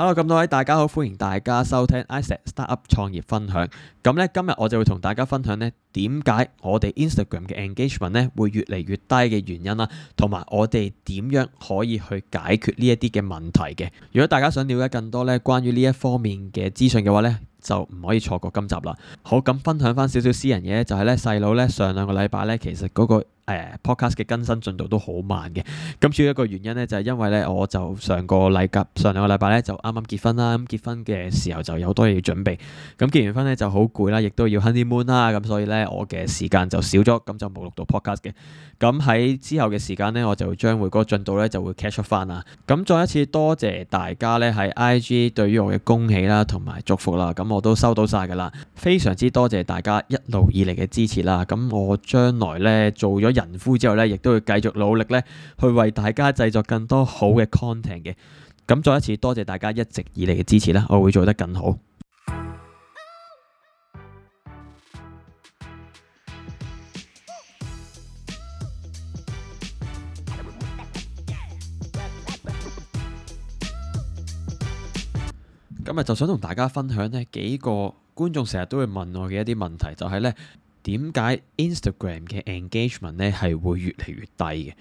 Hello，咁多位大家好，歡迎大家收聽 ISET Startup 創業分享。咁咧，今日我就會同大家分享咧。點解我哋 Instagram 嘅 engagement 咧會越嚟越低嘅原因啦，同埋我哋點樣可以去解決呢一啲嘅問題嘅？如果大家想了解更多咧關於呢一方面嘅資訊嘅話咧，就唔可以錯過今集啦。好，咁分享翻少少私人嘢，就係咧細佬咧上兩個禮拜咧，其實嗰個、誒、podcast 嘅更新進度都好慢嘅。咁主要一個原因咧就係因為咧我就上個禮拜，上兩個禮拜咧就啱啱結婚啦，咁結婚嘅時候就有多嘢要準備，咁結完婚咧就好攰啦，亦都要 honeymoon 啦，咁所以咧。我嘅時間就少咗，咁就冇錄到 podcast 嘅。咁喺之後嘅時間呢，我就將會嗰個進度呢就會 catch up 翻啦。咁再一次多謝大家呢喺 IG 對於我嘅恭喜啦同埋祝福啦。咁我都收到晒噶啦，非常之多謝大家一路以嚟嘅支持啦。咁我將來呢做咗人夫之後呢，亦都會繼續努力呢去為大家製作更多好嘅 content 嘅。咁再一次多謝大家一直以嚟嘅支持啦，我會做得更好。今日就想同大家分享呢幾個觀眾成日都會問我嘅一啲問題，就係呢點解 Instagram 嘅 engagement 呢係會越嚟越低嘅？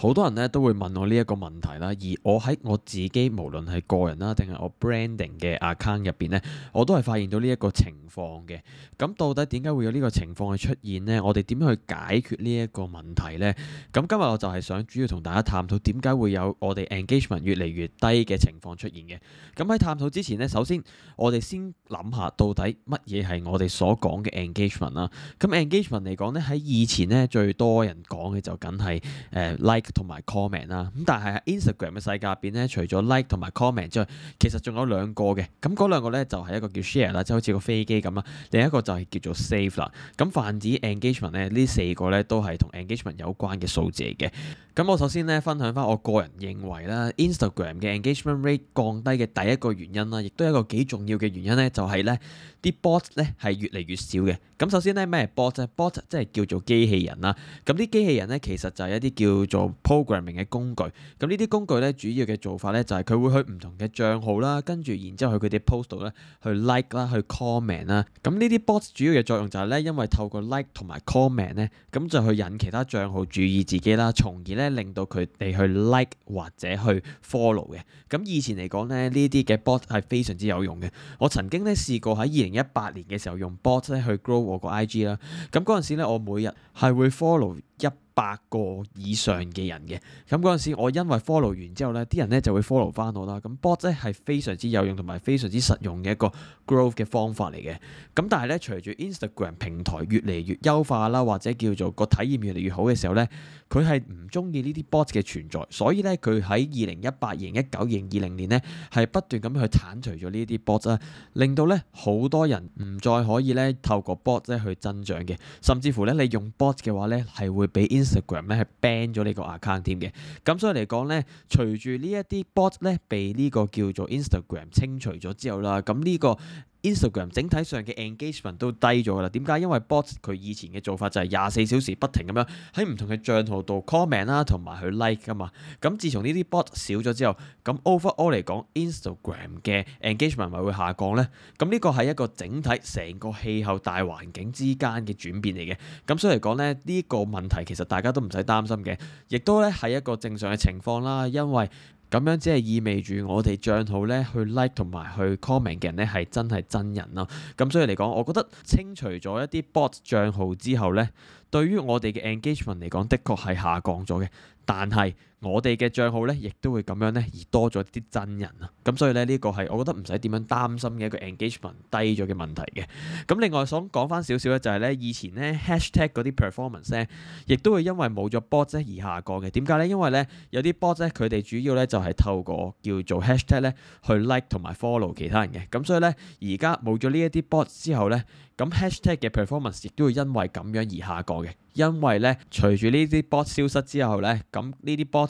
好多人咧都會問我呢一個問題啦，而我喺我自己無論係個人啦，定係我 branding 嘅 account 入邊呢，我都係發現到呢一個情況嘅。咁到底點解會有呢個情況去出現呢？我哋點樣去解決呢一個問題呢？咁今日我就係想主要同大家探討點解會有我哋 engagement 越嚟越低嘅情況出現嘅。咁喺探討之前呢，首先我哋先諗下到底乜嘢係我哋所講嘅 engagement 啦。咁 engagement 嚟講呢，喺以前呢，最多人講嘅就梗係誒 like，呃同埋 comment 啦，咁但係喺 Instagram 嘅世界入邊咧，除咗 like 同埋 comment 之外，其實仲有兩個嘅，咁嗰兩個咧就係一個叫 share 啦，即係好似個飛機咁啦，另一個就係叫做 save 啦。咁泛指 engagement 咧，呢四個咧都係同 engagement 有關嘅數字嚟嘅。咁我首先咧分享翻我個人認為啦，Instagram 嘅 engagement rate 降低嘅第一個原因啦，亦都係一個幾重要嘅原因咧，就係咧啲 bot 咧係越嚟越少嘅。咁首先咧咩 bot 啊？bot 即係叫做機器人啦。咁啲機器人咧其實就係一啲叫做 programming 嘅工具，咁呢啲工具咧主要嘅做法咧就係佢會去唔同嘅賬號啦，跟住然之後去佢啲 post 度咧去 like 啦，去 comment 啦。咁呢啲 bot 主要嘅作用就係咧，因為透過 like 同埋 comment 咧，咁就去引其他賬號注意自己啦，從而咧令到佢哋去 like 或者去 follow 嘅。咁以前嚟講咧，呢啲嘅 bot 係非常之有用嘅。我曾經咧試過喺二零一八年嘅時候用 bot 咧去 grow 我個 IG 啦。咁嗰陣時咧，我每日係會 follow。一百個以上嘅人嘅，咁嗰陣時我因為 follow 完之後呢啲人呢就會 follow 翻我啦。咁 bot 呢係非常之有用同埋非常之實用嘅一個 growth 嘅方法嚟嘅。咁但係呢，隨住 Instagram 平台越嚟越優化啦，或者叫做個體驗越嚟越好嘅時候呢。佢係唔中意呢啲 bot 嘅存在，所以咧佢喺二零一八、零一九、零二零年咧係不斷咁去剷除咗呢啲 bot 啊，令到咧好多人唔再可以咧透過 bot 咧去增長嘅，甚至乎咧你用 bot 嘅話咧係會俾 Instagram 咧係 ban 咗呢個 account 添嘅。咁所以嚟講咧，隨住呢一啲 bot 咧被呢個叫做 Instagram 清除咗之後啦，咁呢個。Instagram 整體上嘅 engagement 都低咗噶啦，點解？因為 bot 佢以前嘅做法就係廿四小時不停咁樣喺唔同嘅帳號度 comment 啦，同埋去 like 噶嘛。咁自從呢啲 bot 少咗之後，咁 overall 嚟講，Instagram 嘅 engagement 咪會下降呢？咁呢個係一個整體成個氣候大環境之間嘅轉變嚟嘅。咁所以嚟講咧，呢、呢個問題其實大家都唔使擔心嘅，亦都咧係一個正常嘅情況啦，因為。咁樣只係意味住我哋帳號咧去 like 同埋去 comment 嘅人咧係真係真人咯。咁所以嚟講，我覺得清除咗一啲 bot 帳號之後咧，對於我哋嘅 engagement 嚟講，的確係下降咗嘅。但係我哋嘅帳號咧，亦都會咁樣咧，而多咗啲真人啊，咁所以咧呢個係我覺得唔使點樣擔心嘅一個 engagement 低咗嘅問題嘅。咁另外想講翻少少咧，就係咧以前咧 hashtag 嗰啲 performance 咧，亦都會因為冇咗 bot 咧而下降嘅。點解咧？因為咧有啲 bot 咧，佢哋主要咧就係透過叫做 hashtag 咧去 like 同埋 follow 其他人嘅。咁所以咧而家冇咗呢一啲 bot 之後咧，咁 hashtag 嘅 performance 亦都會因為咁樣而下降嘅。因為咧隨住呢啲 bot 消失之後咧，咁呢啲 bot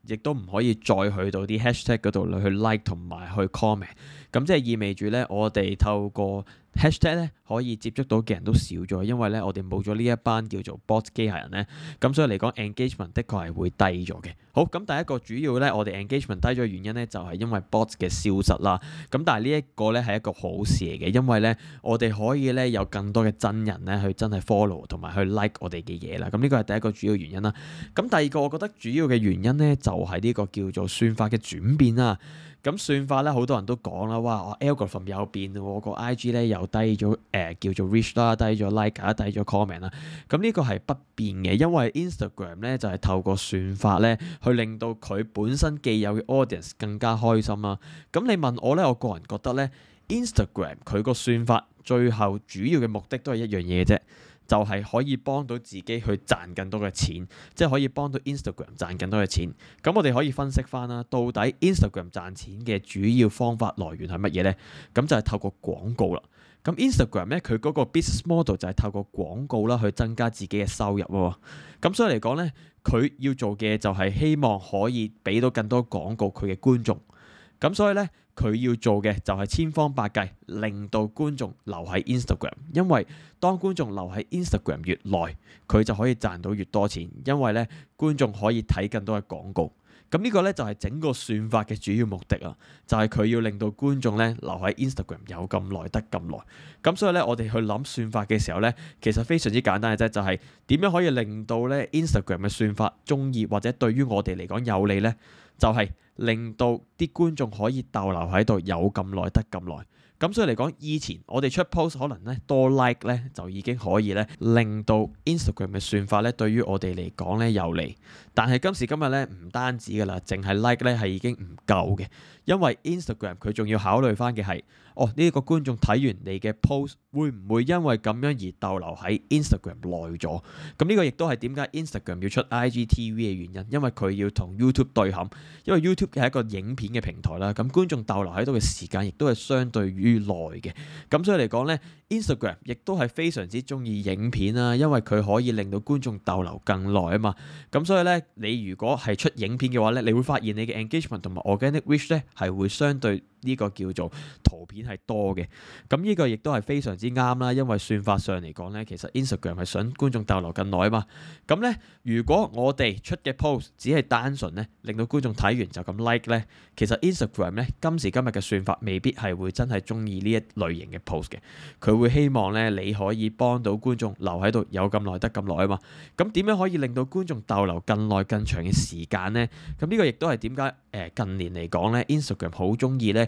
亦都唔可以再去到啲 hashtag 嗰度去 like 同埋去 comment，咁即係意味住咧，我哋透過 hashtag 咧可以接觸到嘅人都少咗，因為咧我哋冇咗呢一班叫做 bots 機械人咧，咁所以嚟講 engagement 的確係會低咗嘅。好，咁第一個主要咧，我哋 engagement 低咗嘅原因咧，就係因為 bots 嘅消失啦。咁但係呢一個咧係一個好事嚟嘅，因為咧我哋可以咧有更多嘅真人咧去真係 follow 同埋去 like 我哋嘅嘢啦。咁呢個係第一個主要原因啦。咁第二個我覺得主要嘅原因咧就是。就係呢個叫做算法嘅轉變啦、啊。咁算法咧，好多人都講啦，哇，algorithm、啊、我有變，個 IG 咧又低咗，誒、呃、叫做 reach 啦，低咗 like 啦，低咗 comment 啦。咁、嗯、呢、這個係不變嘅，因為 Instagram 咧就係、是、透過算法咧去令到佢本身既有嘅 audience 更加開心啦、啊。咁、嗯、你問我咧，我個人覺得咧，Instagram 佢個算法最後主要嘅目的都係一樣嘢啫。就係可以幫到自己去賺更多嘅錢，即係可以幫到 Instagram 賺更多嘅錢。咁我哋可以分析翻啦，到底 Instagram 賺錢嘅主要方法來源係乜嘢呢？咁就係透過廣告啦。咁 Instagram 咧，佢嗰個 business model 就係透過廣告啦去增加自己嘅收入喎。咁所以嚟講呢，佢要做嘅就係希望可以俾到更多廣告佢嘅觀眾。咁所以呢。佢要做嘅就係千方百計令到觀眾留喺 Instagram，因為當觀眾留喺 Instagram 越耐，佢就可以賺到越多錢，因為咧觀眾可以睇更多嘅廣告。咁呢個咧就係整個算法嘅主要目的啊，就係佢要令到觀眾咧留喺 Instagram 有咁耐得咁耐。咁所以咧，我哋去諗算法嘅時候咧，其實非常之簡單嘅啫，就係點樣可以令到咧 Instagram 嘅算法鍾意，或者對於我哋嚟講有利咧？就係令到啲觀眾可以逗留喺度有咁耐得咁耐。咁所以嚟講，以前我哋出 post 可能，咧多 like 咧就已經可以咧令到 Instagram 嘅算法咧對於我哋嚟講咧有利，但係今時今日咧唔單止噶啦，淨係 like 咧係已經唔夠嘅，因為 Instagram 佢仲要考慮翻嘅係，哦呢個觀眾睇完你嘅 post 會唔會因為咁樣而逗留喺 Instagram 耐咗？咁呢個亦都係點解 Instagram 要出 IGTV 嘅原因，因為佢要同 YouTube 對撼，因為 YouTube 係一個影片嘅平台啦，咁觀眾逗留喺度嘅時間亦都係相對於。越耐嘅，咁所以嚟講呢 Instagram 亦都係非常之中意影片啊，因為佢可以令到觀眾逗留更耐啊嘛，咁所以呢，你如果係出影片嘅話呢，你會發現你嘅 engagement 同埋 organic reach 呢係會相對。呢個叫做圖片係多嘅，咁呢個亦都係非常之啱啦。因為算法上嚟講呢，其實 Instagram 係想觀眾逗留更耐啊嘛。咁呢，如果我哋出嘅 post 只係單純呢，令到觀眾睇完就咁 like 呢，其實 Instagram 呢，今時今日嘅算法未必係會真係中意呢一類型嘅 post 嘅。佢會希望呢，你可以幫到觀眾留喺度有咁耐得咁耐啊嘛。咁點樣可以令到觀眾逗留更耐更長嘅時間呢？咁呢個亦都係點解誒近年嚟講呢 Instagram 好中意呢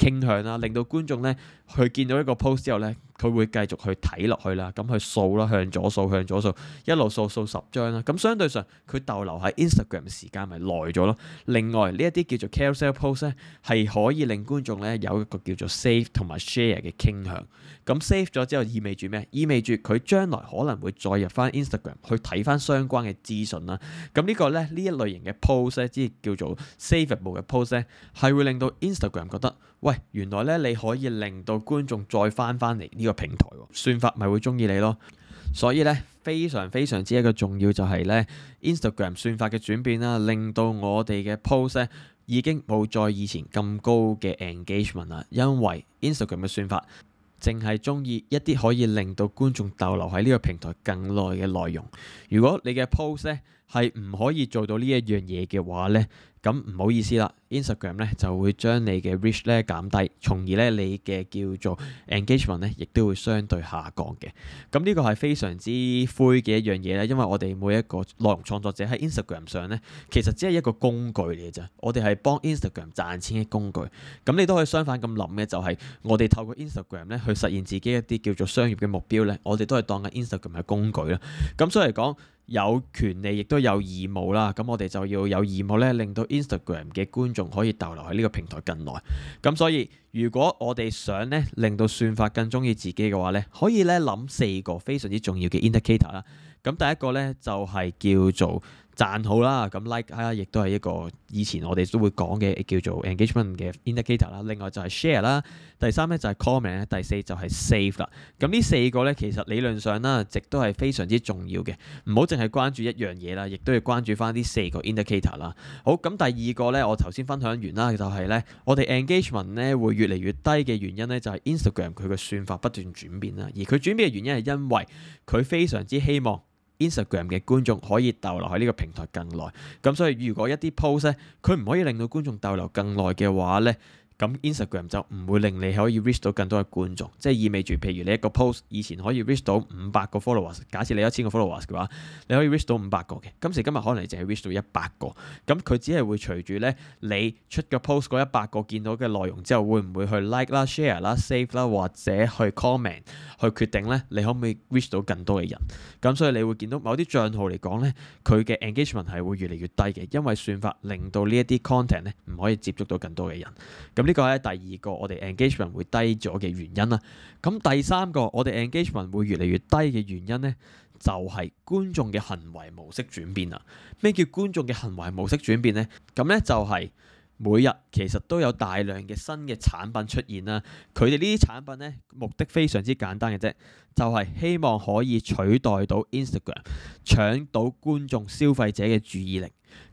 傾向啦，令到觀眾咧去見到一個 post 之後咧，佢會繼續去睇落去啦，咁去掃啦，向左掃，向左掃，一路掃掃十張啦。咁相對上佢逗留喺 Instagram 時間咪耐咗咯。另外呢一啲叫做 Carousel post 咧，係可以令觀眾咧有一個叫做 save 同埋 share 嘅傾向。咁 save 咗之後意味住咩？意味住佢將來可能會再入翻 Instagram 去睇翻相關嘅資訊啦。咁呢個咧呢一類型嘅 post 咧，即係叫做 saveable 嘅 post 咧，係會令到 Instagram 覺得。喂，原來咧你可以令到觀眾再返返嚟呢個平台，算法咪會中意你咯。所以咧，非常非常之一個重要就係咧，Instagram 算法嘅轉變啦、啊，令到我哋嘅 post 咧已經冇再以前咁高嘅 engagement 啦，因為 Instagram 嘅算法淨係中意一啲可以令到觀眾逗留喺呢個平台更耐嘅內容。如果你嘅 post 咧係唔可以做到呢一樣嘢嘅話咧，咁唔好意思啦，Instagram 咧就會將你嘅 reach 咧減低，從而咧你嘅叫做 engagement 咧，亦都會相對下降嘅。咁呢個係非常之灰嘅一樣嘢咧，因為我哋每一個內容創作者喺 Instagram 上咧，其實只係一個工具嚟嘅啫。我哋係幫 Instagram 賺錢嘅工具。咁你都可以相反咁諗嘅，就係我哋透過 Instagram 咧去實現自己一啲叫做商業嘅目標咧，我哋都係當緊 Instagram 係工具啦。咁所以嚟講。有權利亦都有義務啦，咁我哋就要有義務咧，令到 Instagram 嘅觀眾可以逗留喺呢個平台更耐。咁所以，如果我哋想咧令到算法更中意自己嘅話咧，可以咧諗四個非常之重要嘅 indicator 啦。咁第一個咧就係叫做。讚好啦，咁 like 啊，亦都係一個以前我哋都會講嘅叫做 engagement 嘅 indicator 啦、啊。另外就係 share 啦、啊，第三咧就係 comment，第四就係 save 啦、啊。咁、啊、呢四個咧，其實理論上啦，值都係非常之重要嘅。唔好淨係關注一樣嘢啦，亦、啊、都要關注翻呢四個 indicator 啦、啊。好，咁、啊、第二個咧，我頭先分享完啦，就係、是、咧，我哋 engagement 咧會越嚟越低嘅原因咧，就係、是、Instagram 佢嘅算法不斷轉變啦。而佢轉變嘅原因係因為佢非常之希望。Instagram 嘅觀眾可以逗留喺呢個平台更耐，咁所以如果一啲 post 咧，佢唔可以令到觀眾逗留更耐嘅話咧。咁 Instagram 就唔會令你可以 reach 到更多嘅觀眾，即係意味住，譬如你一個 post 以前可以 reach 到五百個 followers，假設你一千個 followers 嘅話，你可以 reach 到五百個嘅。今時今日可能你淨係 reach 到一百個，咁佢只係會隨住咧你出嘅 post 嗰一百個見到嘅內容之後，會唔會去 like 啦、share 啦、save 啦，或者去 comment 去決定咧，你可唔可以 reach 到更多嘅人？咁所以你會見到某啲帳號嚟講咧，佢嘅 engagement 係會越嚟越低嘅，因為算法令到呢一啲 content 咧唔可以接觸到更多嘅人。咁呢個係第二個我哋 engagement 會低咗嘅原因啦，咁第三個我哋 engagement 會越嚟越低嘅原因呢，就係觀眾嘅行為模式轉變啦。咩叫觀眾嘅行為模式轉變呢？咁呢就係每日其實都有大量嘅新嘅產品出現啦。佢哋呢啲產品呢，目的非常之簡單嘅啫，就係希望可以取代到 Instagram 搶到觀眾消費者嘅注意力。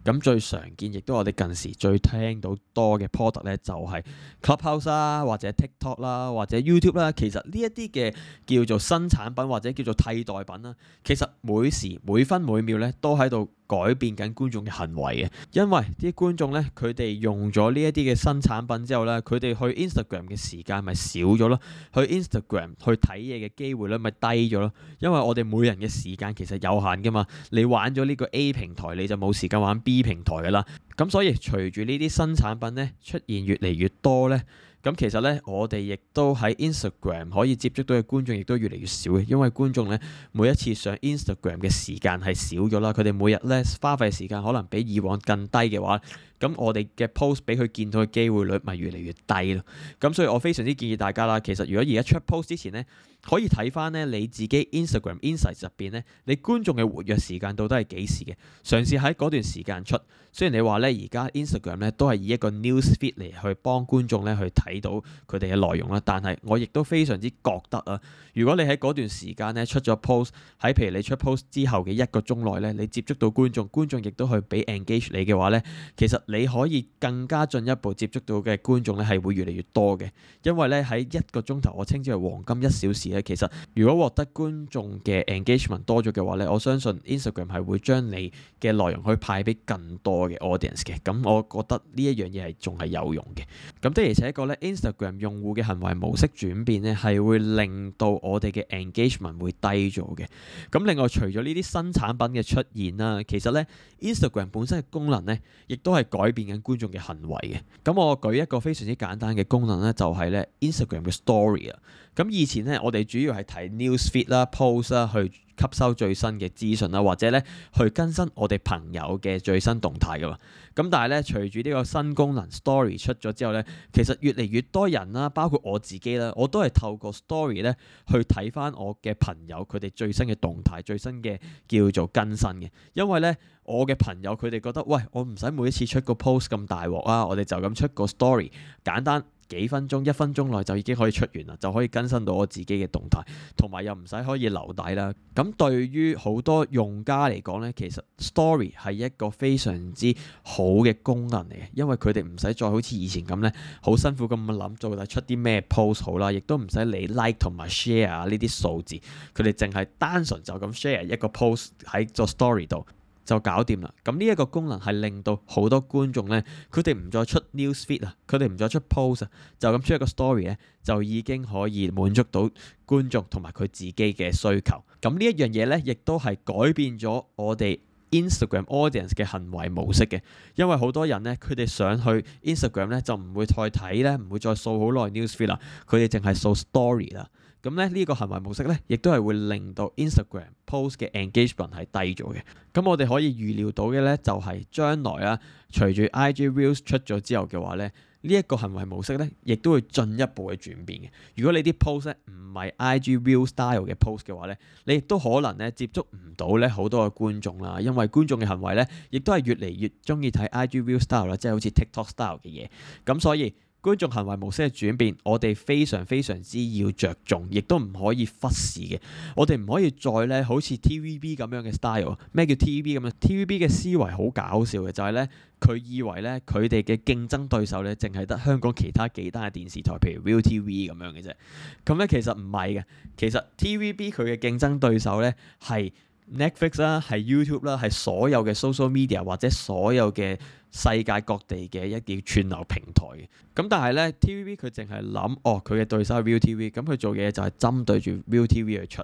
咁最常見，亦都我哋近時最聽到多嘅 product 咧，就係 Clubhouse 啦，或者 TikTok 啦，或者 YouTube 啦。其實呢一啲嘅叫做新產品或者叫做替代品啦，其實每時每分每秒咧都喺度改變緊觀眾嘅行為嘅。因為啲觀眾咧，佢哋用咗呢一啲嘅新產品之後咧，佢哋去 Instagram 嘅時間咪少咗咯，去 Instagram 去睇嘢嘅機會率咪低咗咯。因為我哋每人嘅時間其實有限噶嘛，你玩咗呢個 A 平台你就冇時間玩 B 平台噶啦，咁所以隨住呢啲新產品咧出現越嚟越多咧，咁其實咧我哋亦都喺 Instagram 可以接觸到嘅觀眾亦都越嚟越少嘅，因為觀眾咧每一次上 Instagram 嘅時間係少咗啦，佢哋每日咧花費時間可能比以往更低嘅話。咁我哋嘅 post 俾佢見到嘅機會率咪越嚟越低咯。咁所以我非常之建議大家啦，其實如果而家出 post 之前咧，可以睇翻咧你自己 Instagram Insights 入邊咧，你觀眾嘅活躍時間到底係幾時嘅？嘗試喺嗰段時間出。雖然你話咧而家 Instagram 咧都係以一個 news feed 嚟去幫觀眾咧去睇到佢哋嘅內容啦，但係我亦都非常之覺得啊，如果你喺嗰段時間咧出咗 post，喺譬如你出 post 之後嘅一個鐘內咧，你接觸到觀眾，觀眾亦都去俾 engage 你嘅話咧，其實。你可以更加進一步接觸到嘅觀眾咧，係會越嚟越多嘅，因為咧喺一個鐘頭，我稱之為黃金一小時咧。其實如果獲得觀眾嘅 engagement 多咗嘅話咧，我相信 Instagram 係會將你嘅內容去派俾更多嘅 audience 嘅。咁我覺得呢一樣嘢係仲係有用嘅。咁的而且確咧，Instagram 用戶嘅行為模式轉變咧，係會令到我哋嘅 engagement 會低咗嘅。咁另外除咗呢啲新產品嘅出現啦，其實咧 Instagram 本身嘅功能咧，亦都係改變緊觀眾嘅行為嘅，咁我舉一個非常之簡單嘅功能咧，就係咧 Instagram 嘅 Story 啊，咁以前咧我哋主要係睇 newsfeed 啦、post 啦去吸收最新嘅資訊啦，或者咧去更新我哋朋友嘅最新動態噶嘛。咁但係咧，隨住呢個新功能 Story 出咗之後咧，其實越嚟越多人啦，包括我自己啦，我都係透過 Story 咧去睇返我嘅朋友佢哋最新嘅動態、最新嘅叫做更新嘅。因為咧，我嘅朋友佢哋覺得，喂，我唔使每一次出個 post 咁大鑊啊，我哋就咁出個 Story 簡單。幾分鐘，一分鐘內就已經可以出完啦，就可以更新到我自己嘅動態，同埋又唔使可以留底啦。咁對於好多用家嚟講呢，其實 story 係一個非常之好嘅功能嚟嘅，因為佢哋唔使再好似以前咁呢，好辛苦咁嘅諗到底出啲咩 post 好啦，亦都唔使理 like 同埋 share 呢啲數字，佢哋淨係單純就咁 share 一個 post 喺個 story 度。就搞掂啦！咁呢一個功能係令到好多觀眾呢，佢哋唔再出 news feed 啊，佢哋唔再出 post，就咁出一個 story 呢，就已經可以滿足到觀眾同埋佢自己嘅需求。咁呢一樣嘢呢，亦都係改變咗我哋 Instagram audience 嘅行為模式嘅，因為好多人呢，佢哋上去 Instagram 呢，就唔會再睇呢，唔會再掃好耐 news feed 啦，佢哋淨係掃 story 啦。咁咧呢個行為模式咧，亦都係會令到 Instagram post 嘅 engagement 係低咗嘅。咁、嗯、我哋可以預料到嘅咧，就係、是、將來啊，隨住 IG reels 出咗之後嘅話咧，呢、這、一個行為模式咧，亦都會進一步嘅轉變嘅。如果你啲 post 咧唔係 IG reels style 嘅 post 嘅話咧，你亦都可能咧接觸唔到咧好多嘅觀眾啦，因為觀眾嘅行為咧，亦都係越嚟越中意睇 IG reels style 啦，即係好似 TikTok style 嘅嘢。咁所以觀眾行為模式嘅轉變，我哋非常非常之要着重，亦都唔可以忽視嘅。我哋唔可以再咧好似 TVB 咁樣嘅 style 樣。咩叫 TVB 咁樣？TVB 嘅思維好搞笑嘅，就係咧佢以為咧佢哋嘅競爭對手咧淨係得香港其他幾單嘅電視台，譬如 ViuTV 咁樣嘅啫。咁咧其實唔係嘅，其實 TVB 佢嘅競爭對手咧係 Netflix 啦，係 YouTube 啦，係所有嘅 social media 或者所有嘅。世界各地嘅一啲串流平台嘅，咁但係呢 TVB 佢淨係諗，哦，佢嘅對手係 ViuTV，咁佢做嘢就係針對住 ViuTV 去出，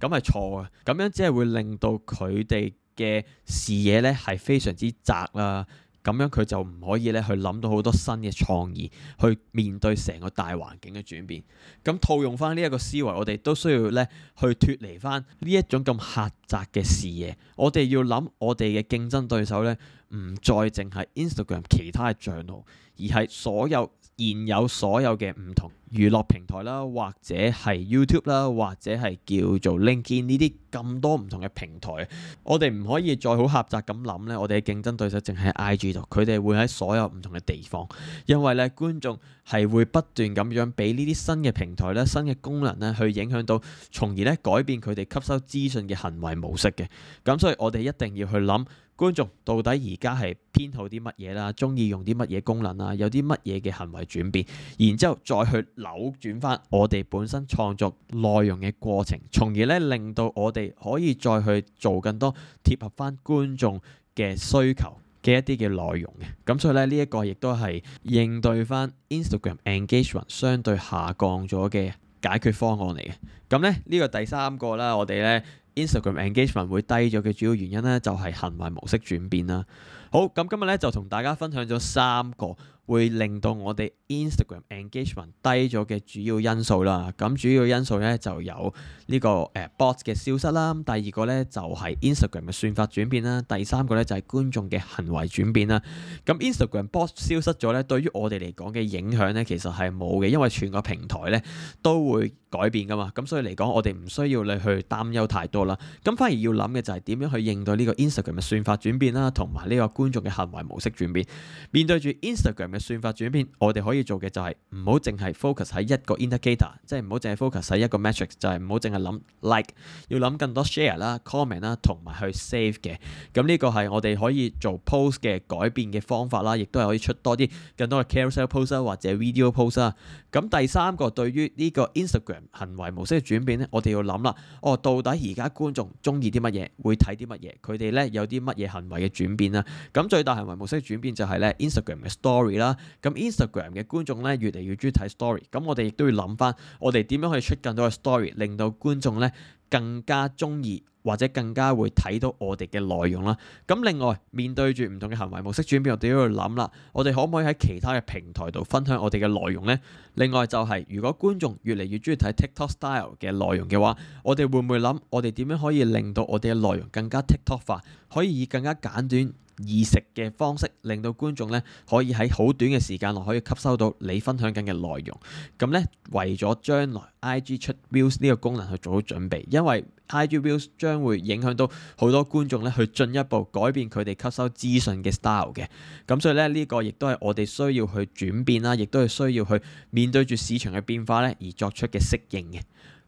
咁係錯嘅，咁樣只係會令到佢哋嘅視野呢係非常之窄啦、啊。咁樣佢就唔可以咧去諗到好多新嘅創意，去面對成個大環境嘅轉變。咁，嗯，套用翻呢一個思維，我哋都需要咧去脫離翻呢一種咁狹窄嘅視野。我哋要諗我哋嘅競爭對手咧，唔再淨係 Instagram 其他嘅賬號，而係所有。現有所有嘅唔同娛樂平台啦，或者係 YouTube 啦，或者係叫做 LinkedIn 呢啲咁多唔同嘅平台，我哋唔可以再好狹窄咁諗咧。我哋嘅競爭對手淨係 IG 度，佢哋會喺所有唔同嘅地方，因為咧觀眾係會不斷咁樣俾呢啲新嘅平台咧、新嘅功能咧去影響到，從而咧改變佢哋吸收資訊嘅行為模式嘅。咁所以我哋一定要去諗。觀眾到底而家係偏好啲乜嘢啦？中意用啲乜嘢功能啦？有啲乜嘢嘅行為轉變，然之後再去扭轉翻我哋本身創作內容嘅過程，從而咧令到我哋可以再去做更多貼合翻觀眾嘅需求嘅一啲嘅內容嘅。咁所以咧呢一個亦都係應對翻 Instagram engagement 相對下降咗嘅解決方案嚟嘅。咁咧呢個第三個啦，我哋咧。Instagram engagement 會低咗嘅主要原因咧，就係行為模式轉變啦。好，咁今日咧就同大家分享咗三個。會令到我哋 Instagram engagement 低咗嘅主要因素啦。咁主要因素咧就有呢、這個誒、呃、bot 嘅消失啦。第二個咧就係、是、Instagram 嘅算法轉變啦。第三個咧就係、是、觀眾嘅行為轉變啦。咁 Instagram bot 消失咗咧，對於我哋嚟講嘅影響咧，其實係冇嘅，因為全個平台咧都會改變噶嘛。咁所以嚟講，我哋唔需要你去擔憂太多啦。咁反而要諗嘅就係點樣去應對呢個 Instagram 嘅算法轉變啦，同埋呢個觀眾嘅行為模式轉變。面對住 Instagram。算法轉變，我哋可以做嘅就係唔好淨係 focus 喺一個 indicator，即係唔好淨係 focus 喺一個 metric，就係唔好淨係諗 like，要諗更多 share 啦、comment 啦，同埋去 save 嘅。咁呢個係我哋可以做 post 嘅改變嘅方法啦，亦都係可以出多啲更多嘅 carousel post 啊，或者 video post 啊。咁第三個對於呢個 Instagram 行為模式嘅轉變咧，我哋要諗啦，哦，到底而家觀眾中意啲乜嘢，會睇啲乜嘢，佢哋咧有啲乜嘢行為嘅轉變啦。咁最大行為模式嘅轉變就係咧 Instagram 嘅 story 啦。咁 Instagram 嘅觀眾咧越嚟越中意睇 story，咁我哋亦都要諗翻，我哋點樣可以出更多嘅 story，令到觀眾咧更加中意或者更加會睇到我哋嘅內容啦。咁另外面對住唔同嘅行為模式轉變，我哋都要諗啦，我哋可唔可以喺其他嘅平台度分享我哋嘅內容呢？另外就係如果觀眾越嚟越中意睇 TikTok style 嘅內容嘅話，我哋會唔會諗我哋點樣可以令到我哋嘅內容更加 TikTok 化，可以以更加簡短，易食嘅方式，令到觀眾咧可以喺好短嘅時間內可以吸收到你分享緊嘅內容。咁咧，為咗將來 I G 出 Views 呢個功能去做好準備，因為 I G Views 將會影響到好多觀眾咧去進一步改變佢哋吸收資訊嘅 style 嘅。咁所以咧，呢個亦都係我哋需要去轉變啦，亦都係需要去面對住市場嘅變化咧而作出嘅適應嘅。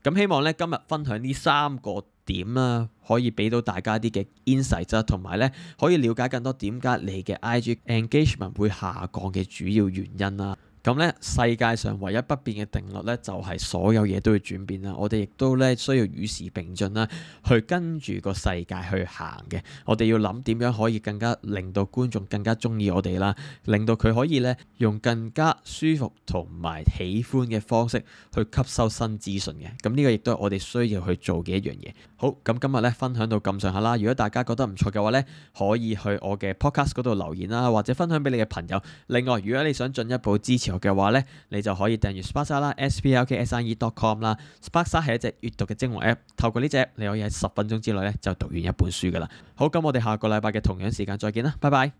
咁希望咧今日分享呢三個點啦，可以俾到大家啲嘅 insight，同埋咧可以了解更多點解你嘅 IG engagement 會下降嘅主要原因啦。咁咧，世界上唯一不變嘅定律咧，就係所有嘢都要轉變啦。我哋亦都咧需要與時並進啦，去跟住個世界去行嘅。我哋要諗點樣可以更加令到觀眾更加中意我哋啦，令到佢可以咧用更加舒服同埋喜歡嘅方式去吸收新資訊嘅。咁呢個亦都係我哋需要去做嘅一樣嘢。好，咁今日咧分享到咁上下啦。如果大家覺得唔錯嘅話咧，可以去我嘅 podcast 嗰度留言啦，或者分享俾你嘅朋友。另外，如果你想進一步支持我嘅話咧，你就可以訂閱 s p a r k s 啦 s p k s e a n e c o m 啦。s p a r k s 係一隻閱讀嘅精華 App，透過呢隻你可以喺十分鐘之內咧就讀完一本書噶啦。好，咁我哋下個禮拜嘅同樣時間再見啦，拜拜。